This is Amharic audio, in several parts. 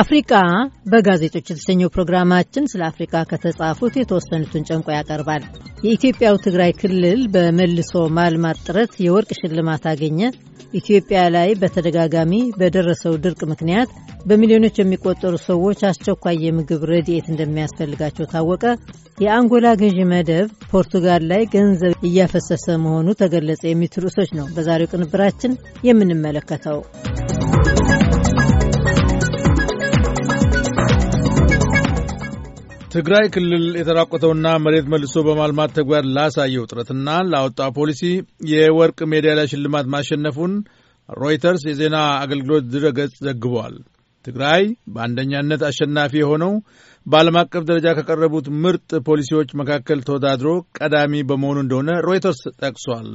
አፍሪካ በጋዜጦች የተሰኘው ፕሮግራማችን ስለ አፍሪካ ከተጻፉት የተወሰኑትን ጨምቆ ያቀርባል። የኢትዮጵያው ትግራይ ክልል በመልሶ ማልማት ጥረት የወርቅ ሽልማት አገኘ፣ ኢትዮጵያ ላይ በተደጋጋሚ በደረሰው ድርቅ ምክንያት በሚሊዮኖች የሚቆጠሩ ሰዎች አስቸኳይ የምግብ ረድኤት እንደሚያስፈልጋቸው ታወቀ፣ የአንጎላ ገዢ መደብ ፖርቱጋል ላይ ገንዘብ እያፈሰሰ መሆኑ ተገለጸ፣ የሚት ርዕሶች ነው በዛሬው ቅንብራችን የምንመለከተው። ትግራይ ክልል የተራቆተውና መሬት መልሶ በማልማት ተግባር ላሳየው ጥረትና ላወጣው ፖሊሲ የወርቅ ሜዳሊያ ሽልማት ማሸነፉን ሮይተርስ የዜና አገልግሎት ድረገጽ ዘግቧል። ትግራይ በአንደኛነት አሸናፊ የሆነው በዓለም አቀፍ ደረጃ ከቀረቡት ምርጥ ፖሊሲዎች መካከል ተወዳድሮ ቀዳሚ በመሆኑ እንደሆነ ሮይተርስ ጠቅሷል።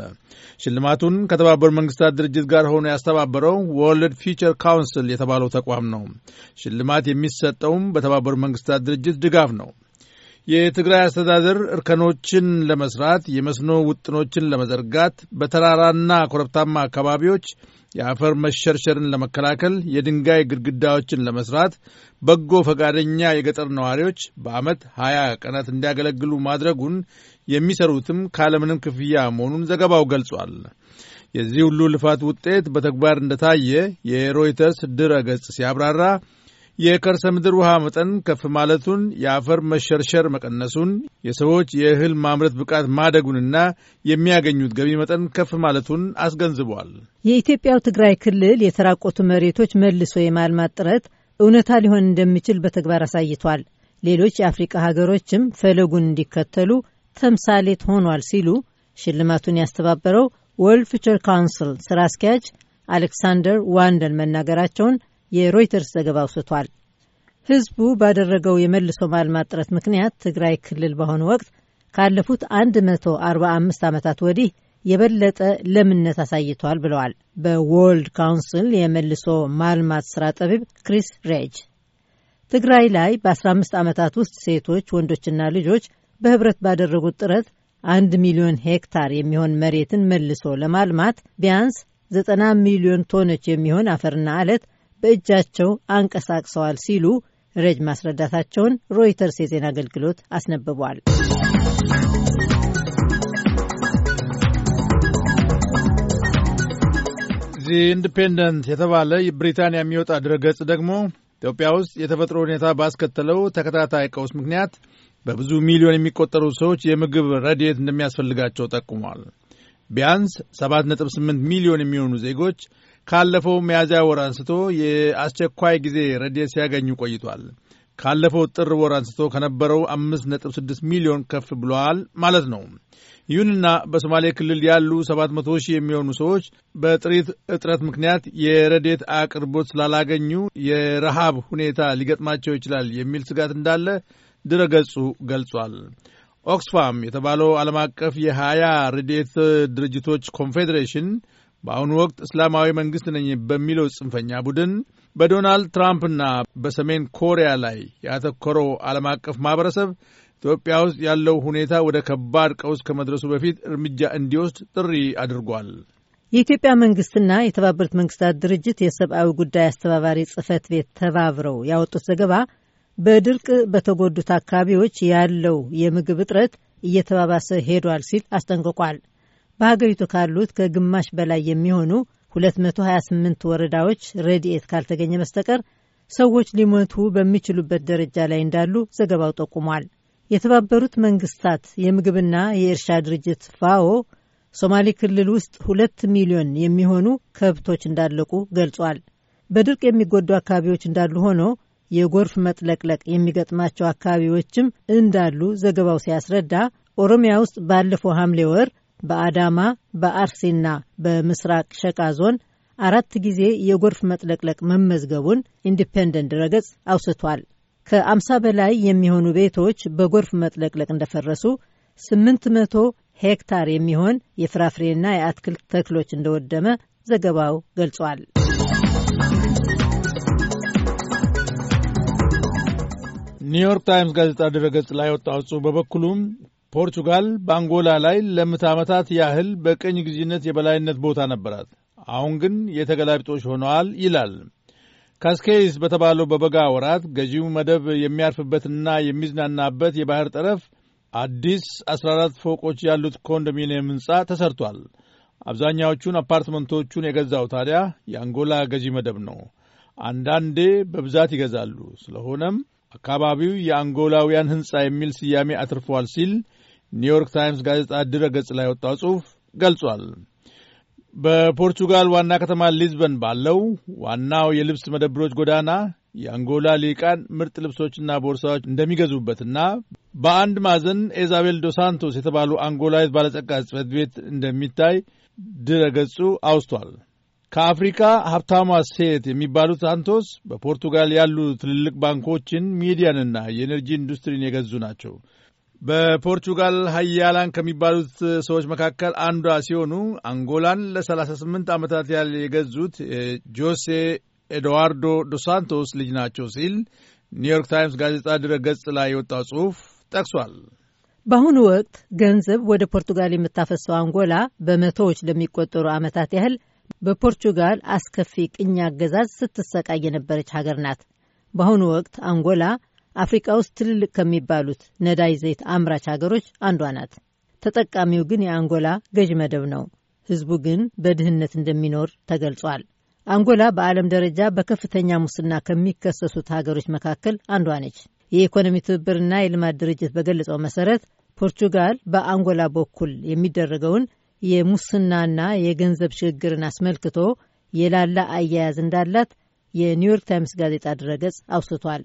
ሽልማቱን ከተባበሩ መንግስታት ድርጅት ጋር ሆኖ ያስተባበረው ወርልድ ፊቸር ካውንስል የተባለው ተቋም ነው። ሽልማት የሚሰጠውም በተባበሩ መንግስታት ድርጅት ድጋፍ ነው። የትግራይ አስተዳደር እርከኖችን ለመስራት፣ የመስኖ ውጥኖችን ለመዘርጋት፣ በተራራና ኮረብታማ አካባቢዎች የአፈር መሸርሸርን ለመከላከል የድንጋይ ግድግዳዎችን ለመስራት በጎ ፈቃደኛ የገጠር ነዋሪዎች በዓመት 20 ቀናት እንዲያገለግሉ ማድረጉን የሚሰሩትም ካለምንም ክፍያ መሆኑን ዘገባው ገልጿል። የዚህ ሁሉ ልፋት ውጤት በተግባር እንደታየ የሮይተርስ ድረ ገጽ ሲያብራራ የከርሰ ምድር ውሃ መጠን ከፍ ማለቱን፣ የአፈር መሸርሸር መቀነሱን፣ የሰዎች የእህል ማምረት ብቃት ማደጉንና የሚያገኙት ገቢ መጠን ከፍ ማለቱን አስገንዝቧል። የኢትዮጵያው ትግራይ ክልል የተራቆቱ መሬቶች መልሶ የማልማት ጥረት እውነታ ሊሆን እንደሚችል በተግባር አሳይቷል። ሌሎች የአፍሪቃ ሀገሮችም ፈለጉን እንዲከተሉ ተምሳሌት ሆኗል ሲሉ ሽልማቱን ያስተባበረው ወርልድ ፊቸር ካውንስል ስራ አስኪያጅ አሌክሳንደር ዋንደን መናገራቸውን የሮይተርስ ዘገባ አውስቷል። ህዝቡ ባደረገው የመልሶ ማልማት ጥረት ምክንያት ትግራይ ክልል በአሁኑ ወቅት ካለፉት 145 ዓመታት ወዲህ የበለጠ ለምነት አሳይቷል ብለዋል በወርልድ ካውንስል የመልሶ ማልማት ስራ ጠቢብ ክሪስ ሬጅ። ትግራይ ላይ በ15 ዓመታት ውስጥ ሴቶች ወንዶችና ልጆች በህብረት ባደረጉት ጥረት አንድ ሚሊዮን ሄክታር የሚሆን መሬትን መልሶ ለማልማት ቢያንስ 90 ሚሊዮን ቶኖች የሚሆን አፈርና አለት በእጃቸው አንቀሳቅሰዋል ሲሉ ረጅ ማስረዳታቸውን ሮይተርስ የዜና አገልግሎት አስነብቧል። ዚ ኢንዲፔንደንት የተባለ ብሪታንያ የሚወጣ ድረገጽ ደግሞ ኢትዮጵያ ውስጥ የተፈጥሮ ሁኔታ ባስከተለው ተከታታይ ቀውስ ምክንያት በብዙ ሚሊዮን የሚቆጠሩ ሰዎች የምግብ ረድኤት እንደሚያስፈልጋቸው ጠቁሟል። ቢያንስ 7.8 ሚሊዮን የሚሆኑ ዜጎች ካለፈው ሚያዝያ ወር አንስቶ የአስቸኳይ ጊዜ ረድኤት ሲያገኙ ቆይቷል። ካለፈው ጥር ወር አንስቶ ከነበረው 5.6 ሚሊዮን ከፍ ብሏል ማለት ነው። ይሁንና በሶማሌ ክልል ያሉ 700 ሺህ የሚሆኑ ሰዎች በጥሪት እጥረት ምክንያት የረድኤት አቅርቦት ስላላገኙ የረሃብ ሁኔታ ሊገጥማቸው ይችላል የሚል ስጋት እንዳለ ድረገጹ ገልጿል። ኦክስፋም የተባለው ዓለም አቀፍ የሀያ ርዴት ድርጅቶች ኮንፌዴሬሽን በአሁኑ ወቅት እስላማዊ መንግስት ነኝ በሚለው ጽንፈኛ ቡድን በዶናልድ ትራምፕና በሰሜን ኮሪያ ላይ ያተኮረው ዓለም አቀፍ ማኅበረሰብ ኢትዮጵያ ውስጥ ያለው ሁኔታ ወደ ከባድ ቀውስ ከመድረሱ በፊት እርምጃ እንዲወስድ ጥሪ አድርጓል። የኢትዮጵያ መንግስትና የተባበሩት መንግስታት ድርጅት የሰብአዊ ጉዳይ አስተባባሪ ጽህፈት ቤት ተባብረው ያወጡት ዘገባ በድርቅ በተጎዱት አካባቢዎች ያለው የምግብ እጥረት እየተባባሰ ሄዷል ሲል አስጠንቅቋል። በሀገሪቱ ካሉት ከግማሽ በላይ የሚሆኑ 228 ወረዳዎች ረድኤት ካልተገኘ በስተቀር ሰዎች ሊሞቱ በሚችሉበት ደረጃ ላይ እንዳሉ ዘገባው ጠቁሟል። የተባበሩት መንግስታት የምግብና የእርሻ ድርጅት ፋኦ ሶማሌ ክልል ውስጥ ሁለት ሚሊዮን የሚሆኑ ከብቶች እንዳለቁ ገልጿል። በድርቅ የሚጎዱ አካባቢዎች እንዳሉ ሆኖ የጎርፍ መጥለቅለቅ የሚገጥማቸው አካባቢዎችም እንዳሉ ዘገባው ሲያስረዳ ኦሮሚያ ውስጥ ባለፈው ሐምሌ ወር በአዳማ በአርሴና በምስራቅ ሸቃ ዞን አራት ጊዜ የጎርፍ መጥለቅለቅ መመዝገቡን ኢንዲፔንደንት ድረገጽ አውስቷል። ከአምሳ በላይ የሚሆኑ ቤቶች በጎርፍ መጥለቅለቅ እንደፈረሱ፣ 800 ሄክታር የሚሆን የፍራፍሬና የአትክልት ተክሎች እንደወደመ ዘገባው ገልጿል። ኒውዮርክ ታይምስ ጋዜጣ ድረገጽ ላይ ወጣው ጽሑፍ በበኩሉም ፖርቱጋል በአንጎላ ላይ ለምት ዓመታት ያህል በቅኝ ጊዜነት የበላይነት ቦታ ነበራት። አሁን ግን የተገላቢጦች ሆነዋል ይላል። ካስኬይስ በተባለው በበጋ ወራት ገዢው መደብ የሚያርፍበትና የሚዝናናበት የባህር ጠረፍ አዲስ 14 ፎቆች ያሉት ኮንዶሚኒየም ሕንፃ ተሰርቷል። አብዛኛዎቹን አፓርትመንቶቹን የገዛው ታዲያ የአንጎላ ገዢ መደብ ነው። አንዳንዴ በብዛት ይገዛሉ። ስለሆነም አካባቢው የአንጎላውያን ሕንፃ የሚል ስያሜ አትርፏል ሲል ኒውዮርክ ታይምስ ጋዜጣ ድረገጽ ላይ ወጣው ጽሑፍ ገልጿል። በፖርቱጋል ዋና ከተማ ሊዝበን ባለው ዋናው የልብስ መደብሮች ጎዳና የአንጎላ ሊቃን ምርጥ ልብሶችና ቦርሳዎች እንደሚገዙበትና በአንድ ማዕዘን ኤዛቤል ዶ ሳንቶስ የተባሉ አንጎላዊት ባለጸጋ ጽሕፈት ቤት እንደሚታይ ገጹ አውስቷል። ከአፍሪካ ሀብታሟ ሴት የሚባሉት ሳንቶስ በፖርቱጋል ያሉ ትልልቅ ባንኮችን፣ ሚዲያንና የኤነርጂ ኢንዱስትሪን የገዙ ናቸው። በፖርቹጋል ሀያላን ከሚባሉት ሰዎች መካከል አንዷ ሲሆኑ አንጎላን ለ38 ዓመታት ያህል የገዙት ጆሴ ኤድዋርዶ ዶሳንቶስ ልጅ ናቸው ሲል ኒውዮርክ ታይምስ ጋዜጣ ድረ ገጽ ላይ የወጣው ጽሑፍ ጠቅሷል። በአሁኑ ወቅት ገንዘብ ወደ ፖርቱጋል የምታፈሰው አንጎላ በመቶዎች ለሚቆጠሩ ዓመታት ያህል በፖርቹጋል አስከፊ ቅኝ አገዛዝ ስትሰቃይ የነበረች ሀገር ናት። በአሁኑ ወቅት አንጎላ አፍሪቃ ውስጥ ትልልቅ ከሚባሉት ነዳጅ ዘይት አምራች ሀገሮች አንዷ ናት። ተጠቃሚው ግን የአንጎላ ገዥ መደብ ነው። ህዝቡ ግን በድህነት እንደሚኖር ተገልጿል። አንጎላ በዓለም ደረጃ በከፍተኛ ሙስና ከሚከሰሱት ሀገሮች መካከል አንዷ ነች። የኢኮኖሚ ትብብርና የልማት ድርጅት በገለጸው መሰረት ፖርቹጋል በአንጎላ በኩል የሚደረገውን የሙስናና የገንዘብ ሽግግርን አስመልክቶ የላላ አያያዝ እንዳላት የኒውዮርክ ታይምስ ጋዜጣ ድረገጽ አውስቷል።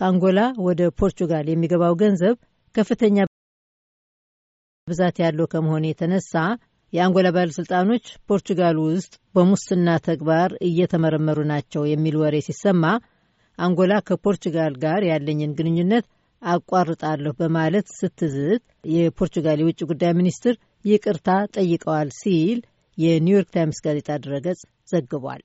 ከአንጎላ ወደ ፖርቹጋል የሚገባው ገንዘብ ከፍተኛ ብዛት ያለው ከመሆኑ የተነሳ የአንጎላ ባለሥልጣኖች ፖርቹጋል ውስጥ በሙስና ተግባር እየተመረመሩ ናቸው የሚል ወሬ ሲሰማ አንጎላ ከፖርቹጋል ጋር ያለኝን ግንኙነት አቋርጣለሁ በማለት ስትዝት የፖርቹጋል የውጭ ጉዳይ ሚኒስትር ይቅርታ ጠይቀዋል ሲል የኒውዮርክ ታይምስ ጋዜጣ ድረገጽ ዘግቧል።